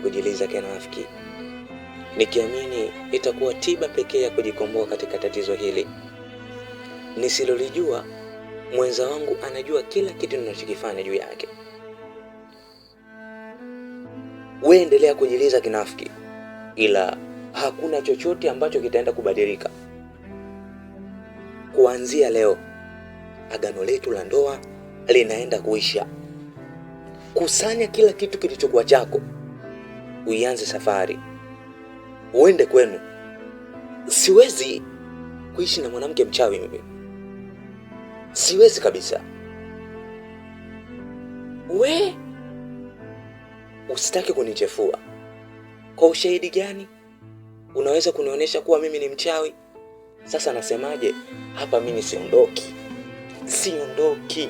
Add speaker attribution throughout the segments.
Speaker 1: kujiliza kinafiki, nikiamini itakuwa tiba pekee ya kujikomboa katika tatizo hili nisilolijua. Mwenza wangu anajua kila kitu ninachokifanya juu yake. We endelea kujiliza kinafiki, ila hakuna chochote ambacho kitaenda kubadilika kuanzia leo. Agano letu la ndoa linaenda kuisha. Kusanya kila kitu kilichokuwa chako uianze safari uende kwenu. Siwezi kuishi na mwanamke mchawi mimi, siwezi kabisa. We usitaki kunichefua. Kwa ushahidi gani unaweza kunionyesha kuwa mimi ni mchawi? Sasa nasemaje hapa? Mimi siondoki, siondoki.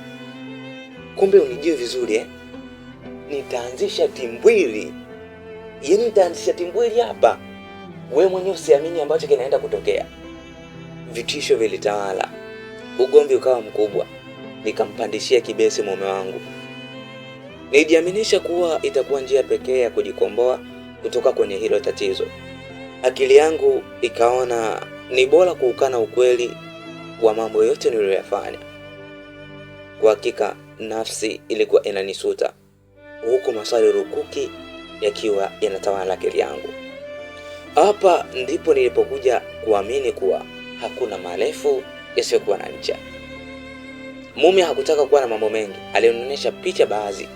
Speaker 1: Kumbe unijue vizuri eh? Nitaanzisha timbwili yaani tanishatimbwili hapa, we mwenyewe usiamini ambacho kinaenda kutokea. Vitisho vilitawala, ugomvi ukawa mkubwa, nikampandishia kibesi mume wangu. nijiaminisha kuwa itakuwa njia pekee ya kujikomboa kutoka kwenye hilo tatizo. Akili yangu ikaona ni bora kuukana ukweli wa mambo yote niliyoyafanya. Kwa hakika nafsi ilikuwa inanisuta huku maswali rukuki yakiwa yanatawala akili yangu. Hapa ndipo nilipokuja kuamini kuwa hakuna marefu yasiyokuwa na ncha. Mume hakutaka kuwa na mambo mengi, alionyesha picha baadhi,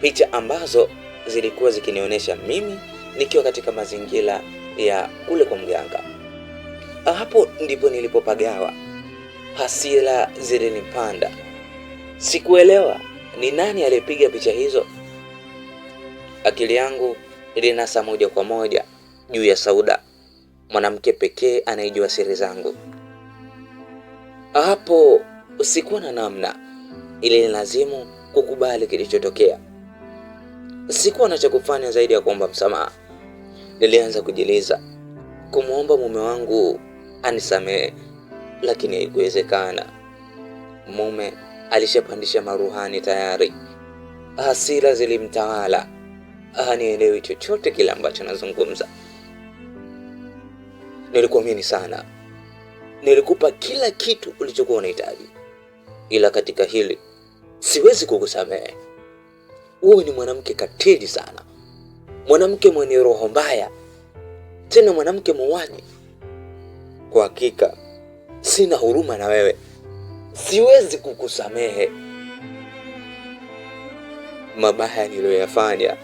Speaker 1: picha ambazo zilikuwa zikinionyesha mimi nikiwa katika mazingira ya kule kwa mganga. Hapo ndipo nilipopagawa, hasira zilinipanda. Sikuelewa ni nani aliyepiga picha hizo Akili yangu ilinasa moja kwa moja juu ya Sauda, mwanamke pekee anayejua siri zangu. Hapo sikuwa na namna, ili lazimu kukubali kilichotokea. Sikuwa na cha kufanya zaidi ya kuomba msamaha. Nilianza kujiliza kumwomba mume wangu anisamehe, lakini haikuwezekana. Mume alishapandisha maruhani tayari, hasira zilimtawala hanielewi ah, chochote kile ambacho anazungumza. Nilikuamini sana, nilikupa kila kitu ulichokuwa unahitaji, ila katika hili siwezi kukusamehe. Wewe ni mwanamke katili sana, mwanamke mwenye roho mbaya, tena mwanamke muuaji. Kwa hakika sina huruma na wewe, siwezi kukusamehe mabaya niliyoyafanya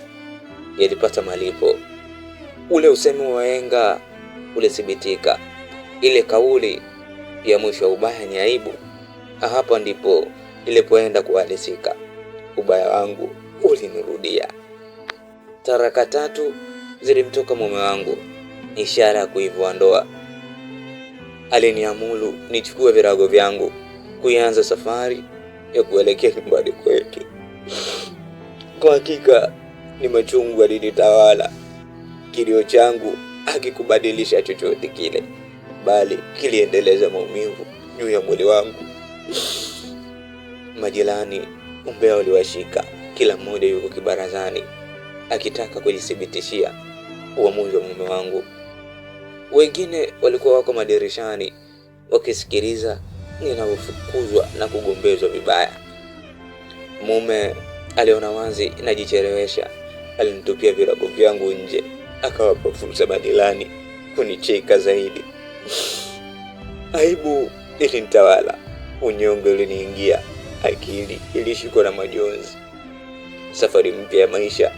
Speaker 1: yalipata malipo. Ule usemi wa wahenga ulithibitika, ile kauli ya mwisho wa ubaya ni aibu. Hapa ndipo ilipoenda kuhalisika, ubaya wangu ulinirudia. Taraka tatu zilimtoka mume wangu, ishara ya kuivua ndoa. Aliniamuru nichukue virago vyangu kuianza safari ya kuelekea nyumbani kwetu. Kwa hakika ni machungu alinitawala. Kilio changu hakikubadilisha chochote kile, bali kiliendeleza maumivu juu ya mwili wangu. Majirani umbea waliwashika, kila mmoja yuko kibarazani akitaka kujithibitishia uamuzi wa mume wangu. Wengine walikuwa wako madirishani wakisikiliza ninavyofukuzwa na kugombezwa vibaya. Mume aliona wazi najichelewesha, alinitupia virago vyangu nje, akawapa fursa badilani kunicheka zaidi. Aibu ilinitawala, unyonge uliniingia, akili ilishikwa na majonzi. Safari mpya ya maisha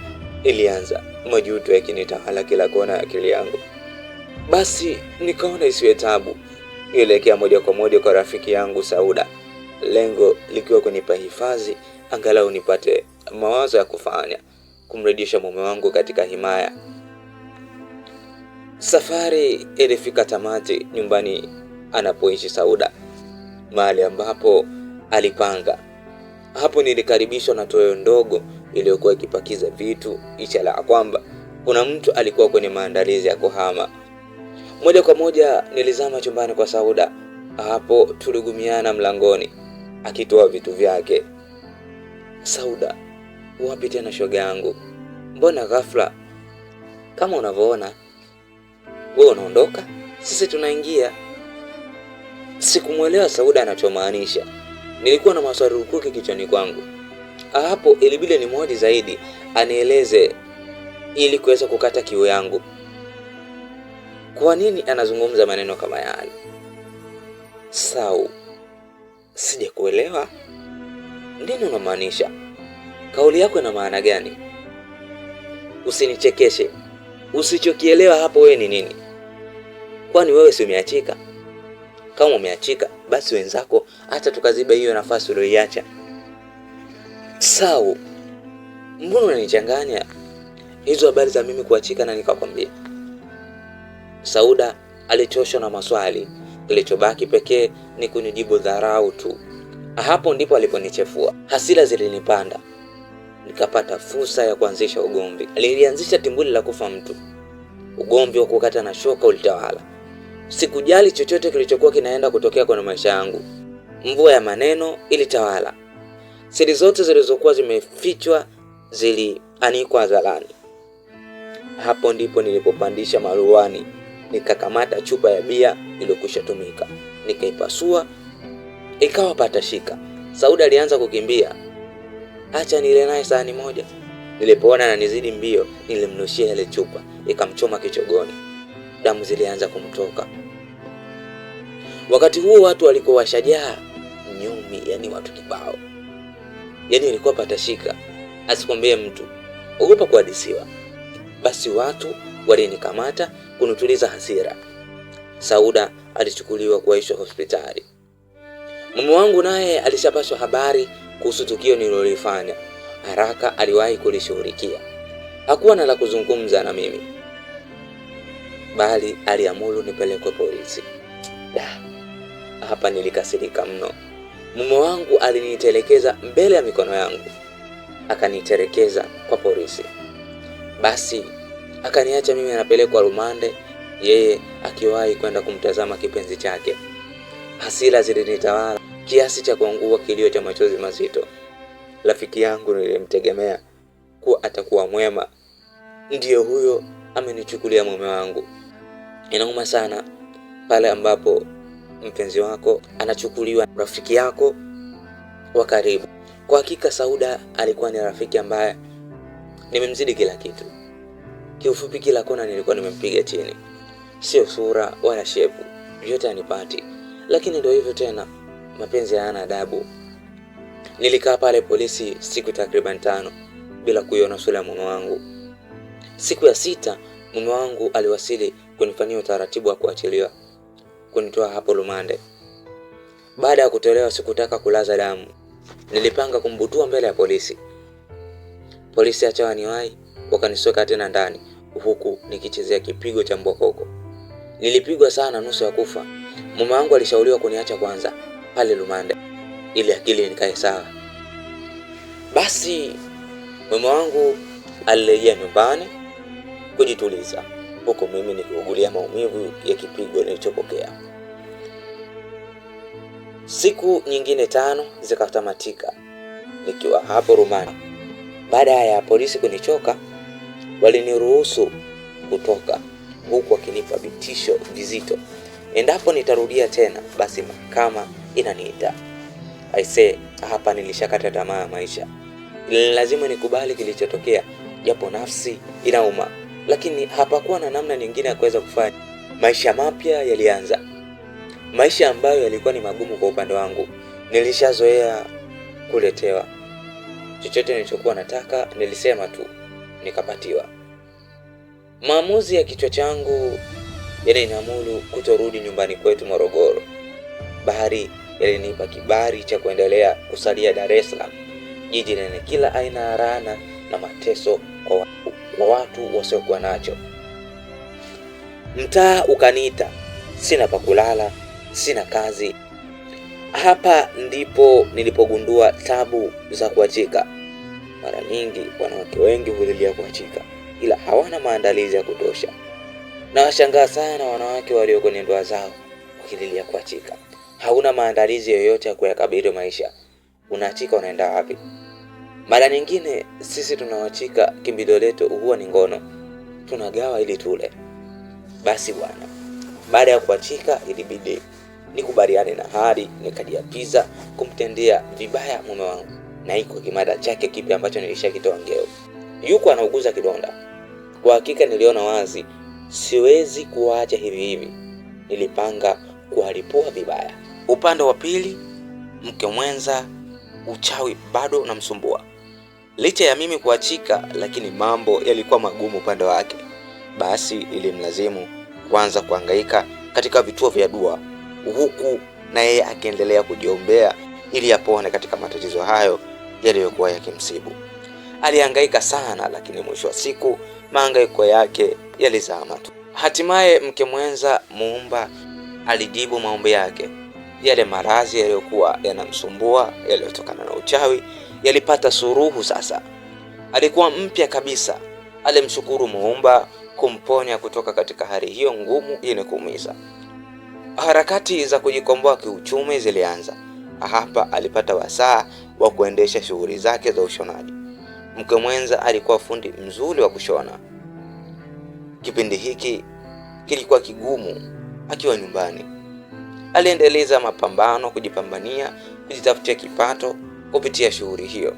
Speaker 1: ilianza, majuto yakinitawala kila kona ya akili yangu. Basi nikaona isiwe tabu, nielekea moja kwa moja kwa rafiki yangu Sauda, lengo likiwa kunipa hifadhi, angalau nipate mawazo ya kufanya kumrejesha mume wangu katika himaya. Safari ilifika tamati nyumbani anapoishi Sauda, mahali ambapo alipanga. Hapo nilikaribishwa na toyo ndogo iliyokuwa ikipakiza vitu, icha ya kwamba kuna mtu alikuwa kwenye maandalizi ya kuhama. Moja kwa moja nilizama chumbani kwa Sauda. Hapo tuligumiana mlangoni, akitoa vitu vyake. Sauda wapi tena shoga yangu, mbona ghafla? Kama unavyoona wewe, unaondoka sisi tunaingia. Sikumwelewa Sauda anachomaanisha. Nilikuwa na maswali rukuki kichwani kwangu hapo, ilibidi ni mhoji zaidi anieleze ili kuweza kukata kiu yangu. Kwa nini anazungumza maneno kama yale? Sau, sijakuelewa, nini unamaanisha? Kauli yako ina maana gani? Usinichekeshe. Usichokielewa hapo wewe ni nini? Kwani wewe si umeachika? Kama umeachika, basi wenzako hata tukaziba hiyo nafasi ulioiacha. Sawa. Mbona unanichanganya hizo habari za mimi kuachika na nikakwambia? Sauda alichoshwa na maswali, kilichobaki pekee ni kunijibu dharau tu. Hapo ndipo aliponichefua, hasira zilinipanda nikapata fursa ya kuanzisha ugomvi. Lilianzisha timbuli la kufa mtu, ugomvi wa kukata na shoka ulitawala. Sikujali chochote kilichokuwa kinaenda kutokea kwenye maisha yangu. Mvua ya maneno ilitawala. Siri zote zilizokuwa zimefichwa zilianikwa hadharani. Hapo ndipo nilipopandisha maruani, nikakamata chupa ya bia iliyokwisha tumika, nikaipasua, ikawa patashika. Sauda alianza kukimbia acha nile naye sahani moja. Nilipoona ananizidi mbio, nilimnushia ile chupa, ikamchoma kichogoni, damu zilianza kumtoka. Wakati huo watu walikuwa washajaa nyumi, yani watu kibao, yani ilikuwa patashika, asikwambie mtu, ogopa kuhadisiwa. Basi watu walinikamata kunituliza hasira. Sauda alichukuliwa kuwaishwa hospitali. Mume wangu naye alishapashwa habari kuhusu tukio nililolifanya haraka aliwahi kulishughulikia. Hakuwa na la kuzungumza na mimi, bali aliamuru nipelekwe polisi. Da, hapa nilikasirika mno. Mume wangu alinitelekeza mbele ya mikono yangu, akanitelekeza kwa polisi. Basi akaniacha mimi anapelekwa rumande, yeye akiwahi kwenda kumtazama kipenzi chake. Hasira zilinitawala kiasi cha kuangua kilio cha machozi mazito. Rafiki yangu nilimtegemea kuwa atakuwa mwema, ndiyo huyo amenichukulia mume wangu. Inauma sana pale ambapo mpenzi wako anachukuliwa rafiki yako wa karibu. Kwa hakika, Sauda alikuwa ni rafiki ambaye nimemzidi kila kitu. Kiufupi, kila kona nilikuwa nimempiga chini, sio sura wala shepu, vyote anipati, lakini ndio hivyo tena mapenzi hayana adabu. Nilikaa pale polisi siku takriban tano bila kuiona sura ya mume wangu. Siku ya sita mume wangu aliwasili kunifanyia utaratibu wa kuachiliwa, kunitoa hapo lumande. Baada ya kutolewa, sikutaka kulaza damu, nilipanga kumbutua mbele ya polisi. Polisi achawa niwai, wakanisoka tena ndani, huku nikichezea kipigo cha mbokoko. Nilipigwa sana nusu ya kufa. Mume wangu alishauriwa kuniacha kwanza, pale Lumande ili akili nikae sawa. Basi mume wangu alirejea nyumbani kujituliza, huko mimi nikiugulia maumivu ya kipigo nilichopokea. Siku nyingine tano zikatamatika nikiwa hapo Rumani. Baada ya polisi kunichoka, waliniruhusu kutoka, huku wakinipa vitisho vizito endapo nitarudia tena, basi mahakama inaniita. Aise, hapa nilishakata tamaa ya maisha, lazima nikubali kilichotokea, japo nafsi inauma, lakini hapakuwa na namna nyingine ya kuweza kufanya. Maisha mapya yalianza, maisha ambayo yalikuwa ni magumu kwa upande wangu. Nilishazoea kuletewa chochote nilichokuwa nataka, nilisema tu nikapatiwa. Maamuzi ya kichwa changu yanainamulu kutorudi nyumbani kwetu Morogoro. Bahari yalinipa kibali cha kuendelea kusalia Dar es Salaam, jiji lenye kila aina ya laana na mateso kwa watu, kwa watu wasiokuwa nacho. Mtaa ukaniita, sina pa kulala, sina kazi. Hapa ndipo nilipogundua tabu za kuachika. Mara nyingi wanawake wengi hulilia kuachika, ila hawana maandalizi ya kutosha. Nawashangaa sana wanawake walio kwenye ndoa zao wakililia kuachika hauna maandalizi yoyote ya kuyakabili maisha. Unaachika, unaenda wapi? Mara nyingine sisi tunawachika, kimbilio letu huwa ni ngono, tunagawa ili tule. Basi bwana, baada ya kuachika, ilibidi nikubaliane na hali, nikajiapiza kumtendea vibaya mume wangu, na iko kimada chake kipi ambacho nilishakitoa ngeo, yuko anauguza kidonda. Kwa hakika niliona wazi siwezi kuwaacha hivi hivi, nilipanga kuwalipua vibaya. Upande wa pili, mke mwenza, uchawi bado unamsumbua. Licha ya mimi kuachika, lakini mambo yalikuwa magumu upande wake. Basi ilimlazimu kuanza kuhangaika katika vituo vya dua, huku na yeye akiendelea kujiombea ili apone katika matatizo hayo yaliyokuwa yakimsibu. Alihangaika sana, lakini mwisho wa siku mahangaiko yake yalizama tu. Hatimaye mke mwenza, muumba, alijibu maombi yake yale maradhi yaliyokuwa yanamsumbua yaliyotokana na uchawi yalipata suruhu. Sasa alikuwa mpya kabisa, alimshukuru Muumba kumponya kutoka katika hali hiyo ngumu yenye kuumiza. Harakati za kujikomboa kiuchumi zilianza. Hapa alipata wasaa wa kuendesha shughuli zake za ushonaji. Mke mwenza alikuwa fundi mzuri wa kushona. Kipindi hiki kilikuwa kigumu akiwa nyumbani aliendeleza mapambano kujipambania, kujitafutia kipato kupitia shughuli hiyo.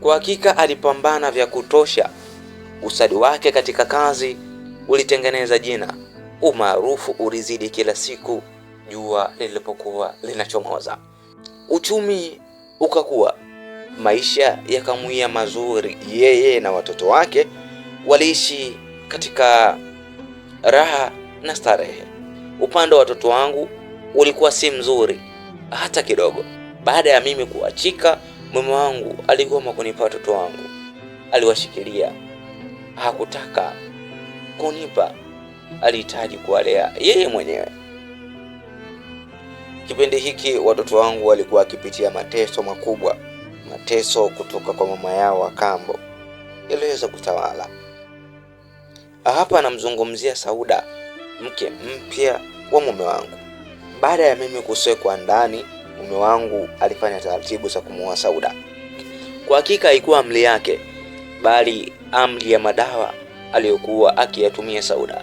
Speaker 1: Kwa hakika alipambana vya kutosha. Usadi wake katika kazi ulitengeneza jina, umaarufu ulizidi kila siku jua lilipokuwa linachomoza. Uchumi ukakuwa, maisha yakamwia mazuri. Yeye na watoto wake waliishi katika raha na starehe. Upande wa watoto wangu ulikuwa si mzuri hata kidogo. Baada ya mimi kuachika, mume wangu aligoma kunipa watoto wangu, aliwashikilia, hakutaka kunipa, alihitaji kuwalea yeye mwenyewe. Kipindi hiki watoto wangu walikuwa wakipitia mateso makubwa, mateso kutoka kwa mama yao wa kambo yaliweza kutawala. Hapa anamzungumzia Sauda, mke mpya wa mume wangu. Baada ya mimi kusekwa ndani, mume wangu alifanya taratibu za kumuoa Sauda. Kwa hakika haikuwa amri yake, bali amri ya madawa aliyokuwa akiyatumia Sauda.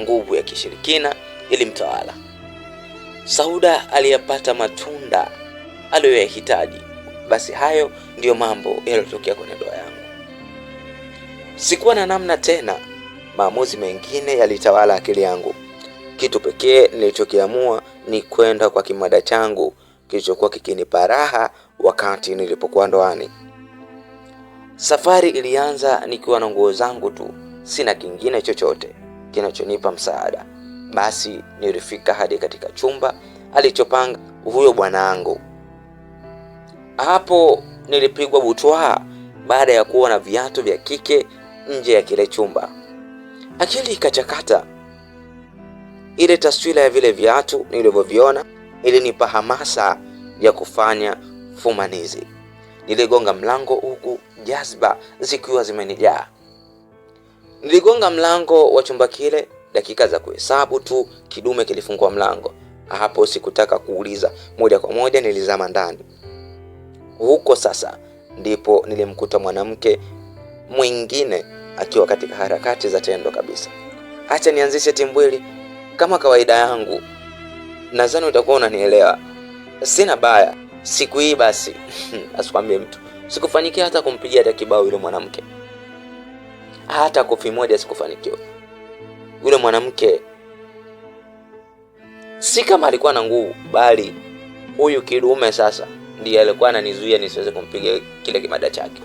Speaker 1: Nguvu ya kishirikina ilimtawala Sauda. Aliyapata matunda aliyoyahitaji. Basi hayo ndiyo mambo yaliyotokea kwenye ndoa yangu. Sikuwa na namna tena, maamuzi mengine yalitawala akili yangu. Kitu pekee nilichokiamua ni kwenda kwa kimada changu kilichokuwa kikinipa raha wakati nilipokuwa ndoani. Safari ilianza nikiwa na nguo zangu tu, sina kingine chochote kinachonipa msaada. Basi nilifika hadi katika chumba alichopanga huyo bwanangu. Hapo nilipigwa butwaa baada ya kuona viatu vya kike nje ya kile chumba. Akili ikachakata, ile taswira ya vile viatu nilivyoviona ilinipa hamasa ya kufanya fumanizi. Niligonga mlango huku jazba zikiwa zimenijaa. Niligonga mlango wa chumba kile, dakika za kuhesabu tu, kidume kilifungua mlango. Hapo sikutaka kuuliza, moja kwa moja nilizama ndani. Huko sasa ndipo nilimkuta mwanamke mwingine akiwa katika harakati za tendo kabisa. Acha nianzishe timbwili kama kawaida yangu, nadhani utakuwa unanielewa. Sina baya siku hii basi. Asikwambie mtu, sikufanikiwa hata kumpigia hata kibao yule mwanamke, hata kofi moja sikufanikiwa. Yule mwanamke si kama alikuwa na nguvu, bali huyu kidume sasa ndiye alikuwa ananizuia nisiweze kumpiga kile kimada chake.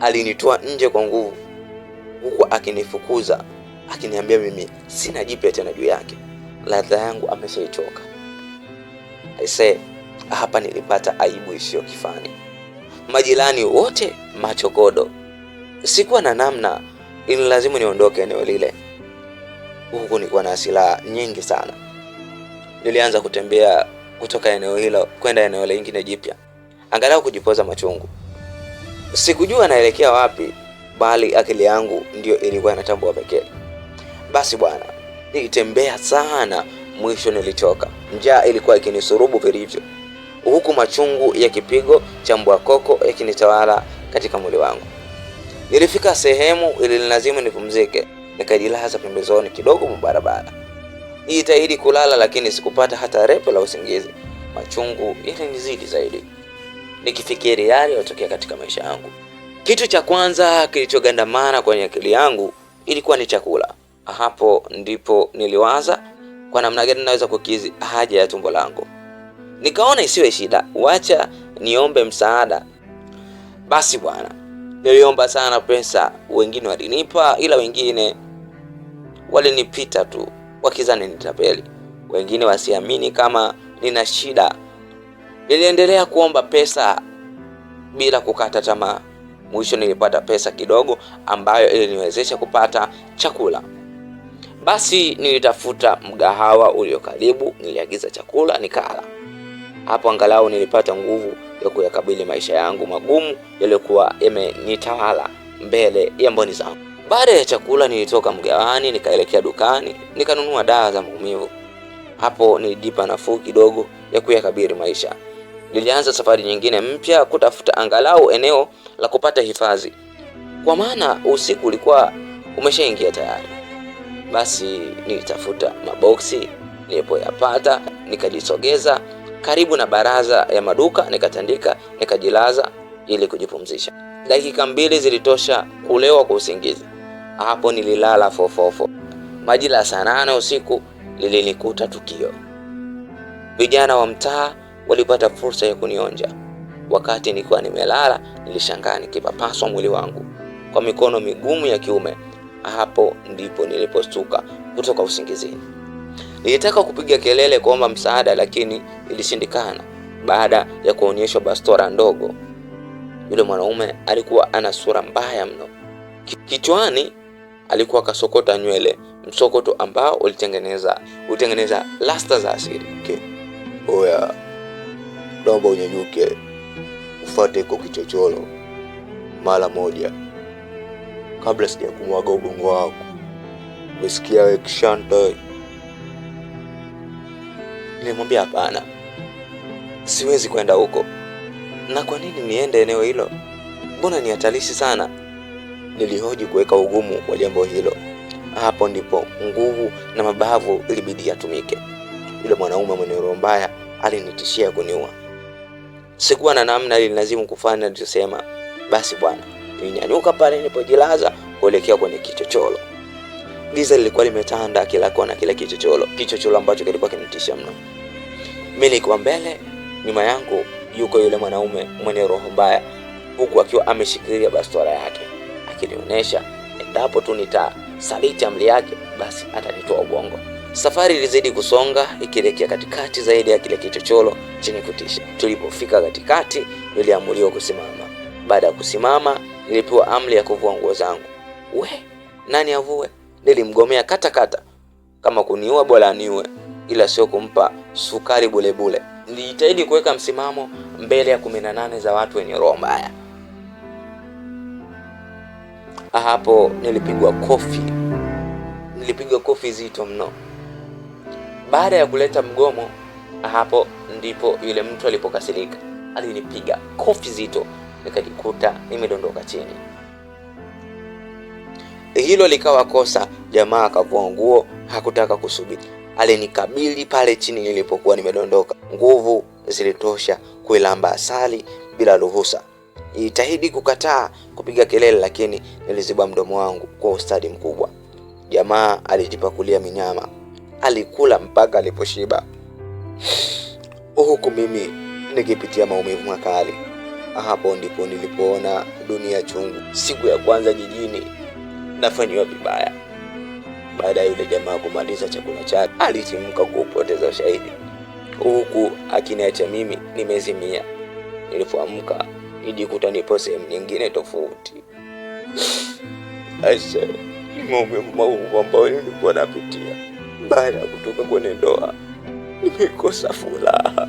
Speaker 1: Alinitoa nje kwa nguvu, huku akinifukuza akiniambia mimi sina jipya tena juu yake, ladha yangu ameshaichoka. Aisee, hapa nilipata aibu isiyo kifani. Majirani wote machokodo. sikuwa na namna, ili lazima niondoke eneo lile. Huku nilikuwa na silaha nyingi sana. Nilianza kutembea kutoka eneo hilo kwenda eneo lingine jipya, angalau kujipoza machungu. Sikujua naelekea wapi, bali akili yangu ndiyo ilikuwa inatambua pekee. Basi bwana, nilitembea sana, mwisho nilitoka. Njaa ilikuwa ikinisurubu vilivyo, huku machungu ya kipigo cha mbwa koko yakinitawala katika mwili wangu. Nilifika sehemu ilinilazimu nipumzike, nikajilaza pembezoni kidogo mwa barabara. Nijitahidi kulala, lakini sikupata hata repo la usingizi. Machungu yalinizidi zaidi, nikifikiri yale yaliyotokea katika maisha yangu. Kitu cha kwanza kilichogandamana kwenye akili yangu ilikuwa ni chakula. Hapo ndipo niliwaza kwa namna gani naweza kukizi haja ya tumbo langu. Nikaona isiwe shida, wacha niombe msaada. Basi bwana, niliomba sana pesa, wengine walinipa, ila wengine walinipita tu wakizani nitapeli, wengine wasiamini kama nina shida. Niliendelea kuomba pesa bila kukata tamaa. Mwisho nilipata pesa kidogo ambayo iliniwezesha kupata chakula. Basi nilitafuta mgahawa ulio karibu, niliagiza chakula nikala. Hapo angalau nilipata nguvu ya kuyakabili maisha yangu magumu yaliyokuwa yamenitawala mbele ya mboni zangu. Baada ya chakula nilitoka mgawani nikaelekea dukani nikanunua dawa za maumivu. Hapo nilijipa nafuu kidogo ya kuyakabili maisha. Nilianza safari nyingine mpya kutafuta angalau eneo la kupata hifadhi, kwa maana usiku ulikuwa umeshaingia tayari. Basi nilitafuta maboksi, nilipoyapata nikajisogeza karibu na baraza ya maduka, nikatandika, nikajilaza ili kujipumzisha. Dakika mbili zilitosha kulewa kwa usingizi. Hapo nililala fofofo. Majira ya saa nane usiku lilinikuta tukio. Vijana wa mtaa walipata fursa ya kunionja. Wakati nilikuwa nimelala, nilishangaa nikipapaswa mwili wangu kwa mikono migumu ya kiume. Hapo ndipo nilipostuka kutoka usingizini. Nilitaka kupiga kelele kuomba msaada, lakini ilishindikana. Baada ya kuonyeshwa bastola ndogo, yule mwanaume alikuwa ana sura mbaya mno. Kichwani alikuwa akasokota nywele, msokoto ambao ulitengeneza ulitengeneza lasta za asili.
Speaker 2: Okay. Oya, naomba unyenyuke, ufate iko kichochoro mara moja kabla sija kumwaga ubongo wako. Umesikia wewe Kishanto?
Speaker 1: Nilimwambia hapana, siwezi kwenda huko. Na kwa nini niende eneo hilo? Mbona ni hatarishi sana? Nilihoji kuweka ugumu wa jambo hilo. Hapo ndipo nguvu na mabavu ilibidi yatumike. Yule mwanaume mwenye roho mbaya alinitishia kuniua. Sikuwa na namna, ilinilazimu kufanya alichosema. Basi bwana Nilinyanyuka pale nilipojilaza kuelekea kwenye kichochoro. Giza lilikuwa limetanda kila kona, kila kichochoro, kichochoro ambacho kilikuwa kinatisha mno. Mimi nilikuwa mbele, nyuma yangu yuko yule mwanaume mwenye roho mbaya, huku akiwa ameshikilia bastola yake akilionyesha, endapo tu nitasaliti amri yake, basi atanitoa ubongo. Safari ilizidi kusonga ikielekea katikati zaidi ya kile kichochoro chenye kutisha. Tulipofika katikati, niliamuliwa kusimama. Baada ya kusimama nilipewa amri ya kuvua nguo zangu. We, nani avue? Nilimgomea katakata, kama kuniua bora aniue, ila sio kumpa sukari bulebule. Nilijitahidi kuweka msimamo mbele ya kumi na nane za watu wenye roho mbaya. Ah, hapo nilipigwa kofi, nilipigwa kofi zito mno baada ya kuleta mgomo. Ah, hapo ndipo yule mtu alipokasirika, alinipiga kofi zito nikajikuta nimedondoka chini. Hilo likawa kosa. Jamaa akavua nguo, hakutaka kusubiri, alinikabili pale chini nilipokuwa nimedondoka. Nguvu zilitosha kuilamba asali bila ruhusa. Itahidi kukataa kupiga kelele, lakini niliziba mdomo wangu kwa ustadi mkubwa. Jamaa alijipakulia minyama, alikula mpaka aliposhiba, huku mimi nikipitia maumivu makali. Hapo ndipo nilipoona dunia chungu. Siku ya kwanza jijini nafanyiwa vibaya. Baada ya yule jamaa kumaliza chakula chake, alitimka kuupoteza ushahidi, huku akiniacha mimi nimezimia. Nilipoamka nijikuta nipo sehemu nyingine tofauti. Aise, ni maumivu maumivu ambayo nilikuwa napitia baada ya kutoka kwenye ndoa. Nimekosa furaha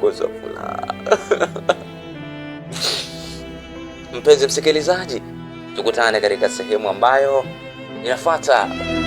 Speaker 1: kukosa furaha. Mpenzi msikilizaji, tukutane katika sehemu ambayo inafuata.